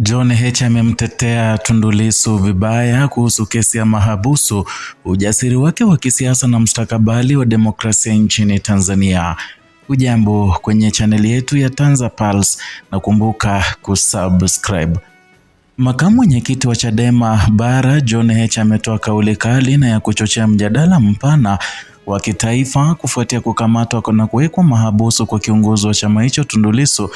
John Heche amemtetea Tundu Lissu vibaya kuhusu kesi ya mahabusu, ujasiri wake wa kisiasa na mstakabali wa demokrasia nchini Tanzania. Ujambo kwenye chaneli yetu ya Tanza Pulse na kumbuka kusubscribe. Makamu mwenyekiti wa Chadema Bara John Heche ametoa kauli kali na ya kuchochea mjadala mpana wa kitaifa kufuatia kukamatwa na kuwekwa mahabusu kwa kiongozi wa chama hicho Tundu Lissu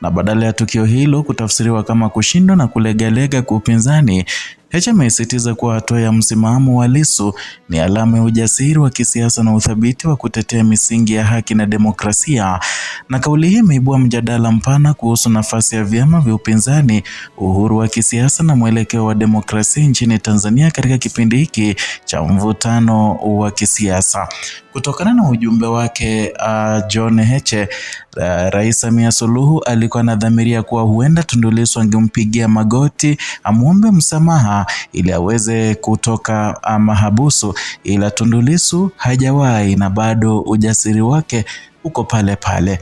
na badala ya tukio hilo kutafsiriwa kama kushindwa na kulegalega kwa upinzani Heche amesisitiza kuwa hatua ya msimamo wa Lissu ni alama ya ujasiri wa kisiasa na uthabiti wa kutetea misingi ya haki na demokrasia, na kauli hii imeibua mjadala mpana kuhusu nafasi ya vyama vya upinzani, uhuru wa kisiasa na mwelekeo wa demokrasia nchini Tanzania katika kipindi hiki cha mvutano wa kisiasa. Kutokana na ujumbe wake uh, John Heche uh, Rais Samia Suluhu alikuwa anadhamiria kuwa huenda Tundu Lissu angempigia magoti amwombe msamaha ili aweze kutoka ah, mahabusu, ila Tundu Lissu hajawahi na bado ujasiri wake uko pale pale.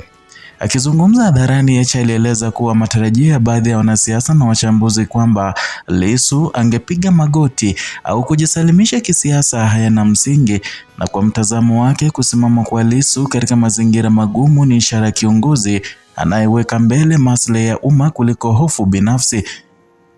Akizungumza hadharani, Heche alieleza kuwa matarajio ya baadhi ya wanasiasa na wachambuzi kwamba Lissu angepiga magoti au kujisalimisha kisiasa hayana msingi, na kwa mtazamo wake, kusimama kwa Lissu katika mazingira magumu ni ishara ya kiongozi anayeweka mbele maslahi ya umma kuliko hofu binafsi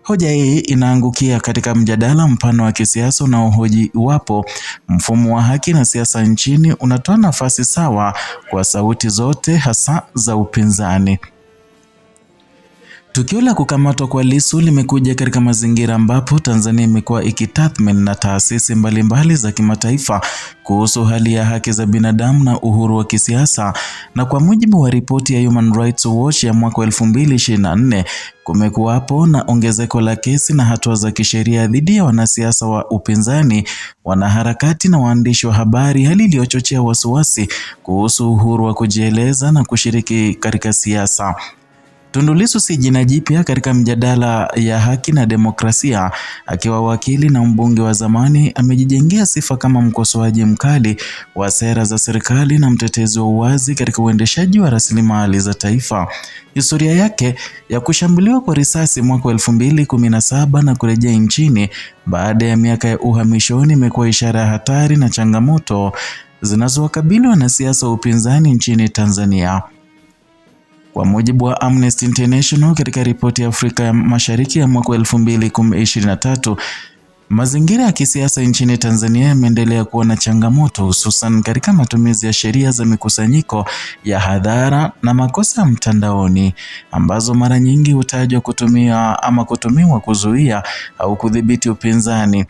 Hoja hii inaangukia katika mjadala mpana wa kisiasa unaohoji iwapo mfumo wa haki na siasa nchini unatoa nafasi sawa kwa sauti zote hasa za upinzani. Tukio la kukamatwa kwa Lissu limekuja katika mazingira ambapo Tanzania imekuwa ikitathmini na taasisi mbalimbali za kimataifa kuhusu hali ya haki za binadamu na uhuru wa kisiasa, na kwa mujibu wa ripoti ya Human Rights Watch ya mwaka 2024 kumekuwapo na ongezeko la kesi na hatua za kisheria dhidi ya wanasiasa wa upinzani, wanaharakati na waandishi wa habari, hali iliyochochea wasiwasi kuhusu uhuru wa kujieleza na kushiriki katika siasa. Tundu Lissu si jina jipya katika mjadala ya haki na demokrasia. Akiwa wakili na mbunge wa zamani, amejijengea sifa kama mkosoaji mkali wa sera za serikali na mtetezi wa uwazi katika uendeshaji wa rasilimali za taifa. Historia yake ya kushambuliwa kwa risasi mwaka elfu mbili kumi na saba na kurejea nchini baada ya miaka ya uhamishoni imekuwa ishara ya hatari na changamoto zinazowakabili wanasiasa wa upinzani nchini Tanzania. Kwa mujibu wa Amnesty International katika ripoti ya Afrika ya Mashariki ya mwaka 2023, mazingira ya kisiasa nchini Tanzania yameendelea kuwa na changamoto, hususan katika matumizi ya sheria za mikusanyiko ya hadhara na makosa ya mtandaoni, ambazo mara nyingi hutajwa kutumia ama kutumiwa kuzuia au kudhibiti upinzani.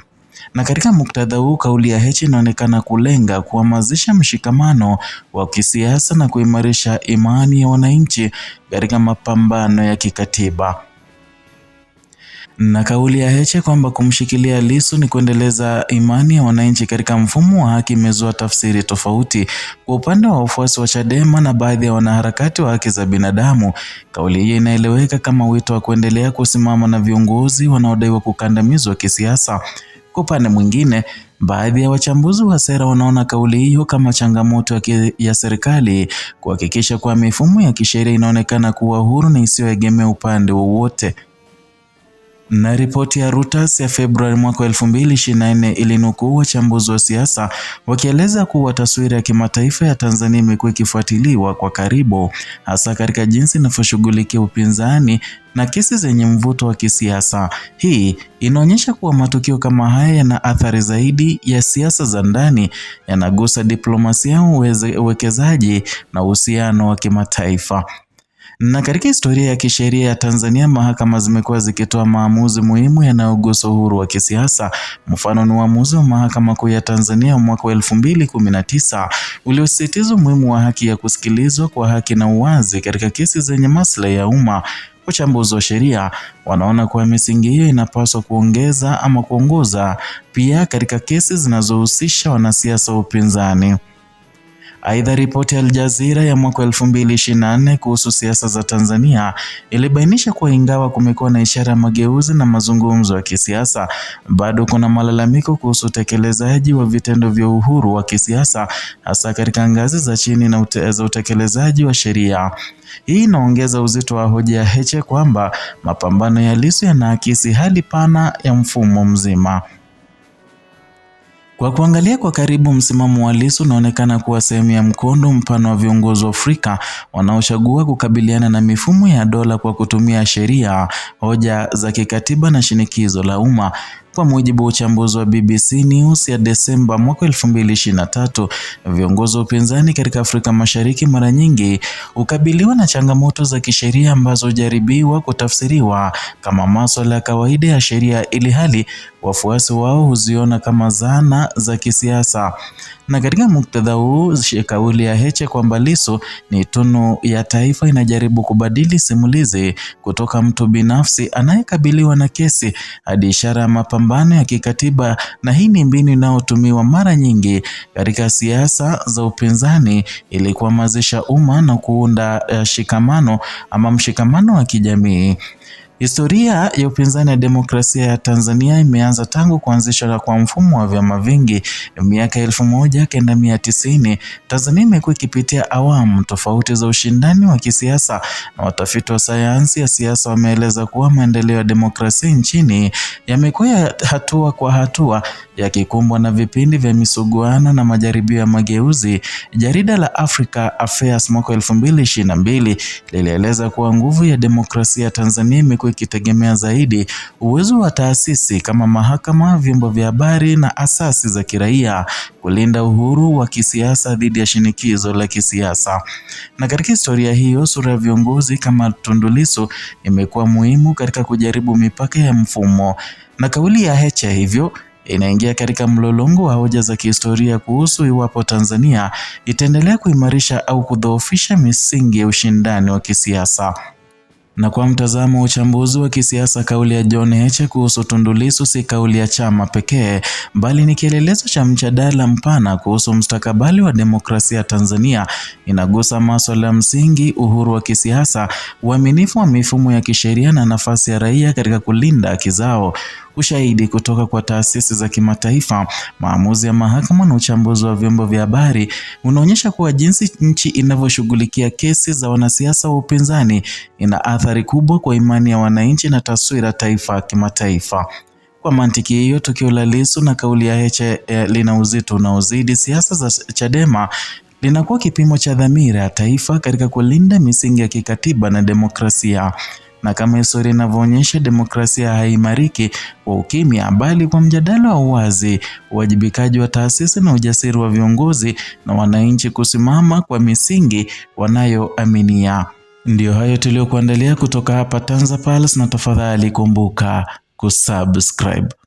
Na katika muktadha huu kauli ya Heche inaonekana kulenga kuhamasisha mshikamano wa kisiasa na kuimarisha imani ya wananchi katika mapambano ya kikatiba. Na kauli ya Heche kwamba kumshikilia Lissu ni kuendeleza imani ya wananchi katika mfumo wa haki imezua tafsiri tofauti kwa upande wa wafuasi wa Chadema na baadhi ya wanaharakati wa haki za binadamu. Kauli hiyo inaeleweka kama wito wa kuendelea kusimama na viongozi wanaodaiwa kukandamizwa kisiasa kwa upande mwingine, baadhi ya wachambuzi wa sera wanaona kauli hiyo kama changamoto ya serikali kuhakikisha kuwa mifumo ya kisheria inaonekana kuwa huru na isiyoegemea upande wowote. Na ripoti ya Reuters ya Februari mwaka 2024 ilinukuu wachambuzi wa siasa wakieleza kuwa taswira ya kimataifa ya Tanzania imekuwa ikifuatiliwa kwa karibu, hasa katika jinsi inavyoshughulikia upinzani na kesi zenye mvuto wa kisiasa. Hii inaonyesha kuwa matukio kama haya yana athari zaidi ya siasa za ndani, yanagusa diplomasia, uwekezaji na uhusiano wa kimataifa. Na katika historia ya kisheria ya Tanzania, mahakama zimekuwa zikitoa maamuzi muhimu yanayogusa uhuru wa kisiasa. Mfano ni uamuzi wa Mahakama Kuu ya Tanzania mwaka wa elfu mbili kumi na tisa uliosisitiza umuhimu wa haki ya kusikilizwa kwa haki na uwazi katika kesi zenye maslahi ya umma. Wachambuzi wa sheria wanaona kuwa misingi hiyo inapaswa kuongeza ama kuongoza pia katika kesi zinazohusisha wanasiasa wa upinzani. Aidha, ripoti ya Aljazira ya mwaka 2024 kuhusu siasa za Tanzania ilibainisha kuwa ingawa kumekuwa na ishara ya mageuzi na mazungumzo ya kisiasa, bado kuna malalamiko kuhusu utekelezaji wa vitendo vya uhuru wa kisiasa, hasa katika ngazi za chini na ute, za utekelezaji wa sheria. Hii inaongeza uzito wa hoja ya Heche kwamba mapambano ya Lissu yanaakisi hali pana ya mfumo mzima. Kwa kuangalia kwa karibu, msimamo wa Lissu unaonekana kuwa sehemu ya mkondo mpana wa viongozi wa Afrika wanaochagua kukabiliana na mifumo ya dola kwa kutumia sheria, hoja za kikatiba na shinikizo la umma. Kwa mujibu wa uchambuzi wa BBC News ya Desemba mwaka 2023, viongozi wa upinzani katika Afrika Mashariki mara nyingi hukabiliwa na changamoto za kisheria ambazo hujaribiwa kutafsiriwa kama masuala ya kawaida ya sheria, ili hali wafuasi wao huziona kama zana za kisiasa. Na katika muktadha huu, kauli ya Heche kwamba Lissu ni tunu ya taifa inajaribu kubadili simulizi kutoka mtu binafsi anayekabiliwa na kesi hadi ishara ya mapambano mapambano ya kikatiba na hii ni mbinu inayotumiwa mara nyingi katika siasa za upinzani ili kuhamasisha umma na kuunda eh, shikamano ama mshikamano wa kijamii. Historia ya upinzani ya demokrasia ya Tanzania imeanza tangu kuanzishwa kwa mfumo wa vyama vingi miaka elfu moja kenda mia tisini. Tanzania imekuwa ikipitia awamu tofauti za ushindani wa kisiasa, na watafiti wa sayansi ya siasa wameeleza kuwa maendeleo ya demokrasia nchini yamekuwa ya hatua kwa hatua, yakikumbwa na vipindi vya misuguano na majaribio ya mageuzi. Jarida la Africa Affairs mwaka elfu mbili ishirini na mbili lilieleza kuwa nguvu ya demokrasia ya Tanzania imekuwa ikitegemea zaidi uwezo wa taasisi kama mahakama, vyombo vya habari na asasi za kiraia kulinda uhuru wa kisiasa dhidi ya shinikizo la kisiasa. Na katika historia hiyo, sura ya viongozi kama Tundu Lissu imekuwa muhimu katika kujaribu mipaka ya mfumo. Na kauli ya Heche hivyo inaingia katika mlolongo wa hoja za kihistoria kuhusu iwapo Tanzania itaendelea kuimarisha au kudhoofisha misingi ya ushindani wa kisiasa. Na kwa mtazamo wa uchambuzi wa kisiasa, kauli ya John Heche kuhusu Tundu Lissu si kauli ya chama pekee, bali ni kielelezo cha mjadala mpana kuhusu mustakabali wa demokrasia Tanzania. Inagusa masuala ya msingi, uhuru wa kisiasa, uaminifu wa mifumo ya kisheria na nafasi ya raia katika kulinda haki zao ushahidi kutoka kwa taasisi za kimataifa, maamuzi ya mahakama na uchambuzi wa vyombo vya habari unaonyesha kuwa jinsi nchi inavyoshughulikia kesi za wanasiasa wa upinzani ina athari kubwa kwa imani ya wananchi na taswira taifa kimataifa. Kwa mantiki hiyo, tukio la Lissu na kauli ya Heche eh, lina uzito unaozidi siasa za Chadema linakuwa kipimo cha dhamira ya taifa katika kulinda misingi ya kikatiba na demokrasia na kama historia inavyoonyesha, demokrasia haimariki kwa ukimya, bali kwa mjadala wa uwazi, uwajibikaji wa taasisi na ujasiri wa viongozi na wananchi kusimama kwa misingi wanayoaminia. Ndiyo hayo tuliyokuandalia kutoka hapa tanzapals na tafadhali kumbuka kusubscribe.